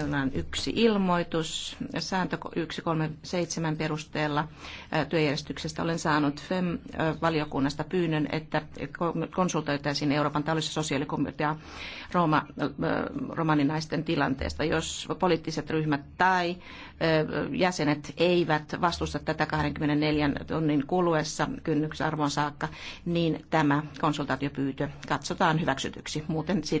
Meillä on yksi ilmoitus. Sääntö 137 perusteella työjärjestyksestä olen saanut FEM-valiokunnasta pyynnön, että konsultoitaisiin Euroopan talous- ja sosiaalikomitea Roma, romaninaisten tilanteesta. Jos poliittiset ryhmät tai jäsenet eivät vastusta tätä 24 tunnin kuluessa kynnysarvon saakka, niin tämä konsultaatiopyyntö katsotaan hyväksytyksi. Muuten siitä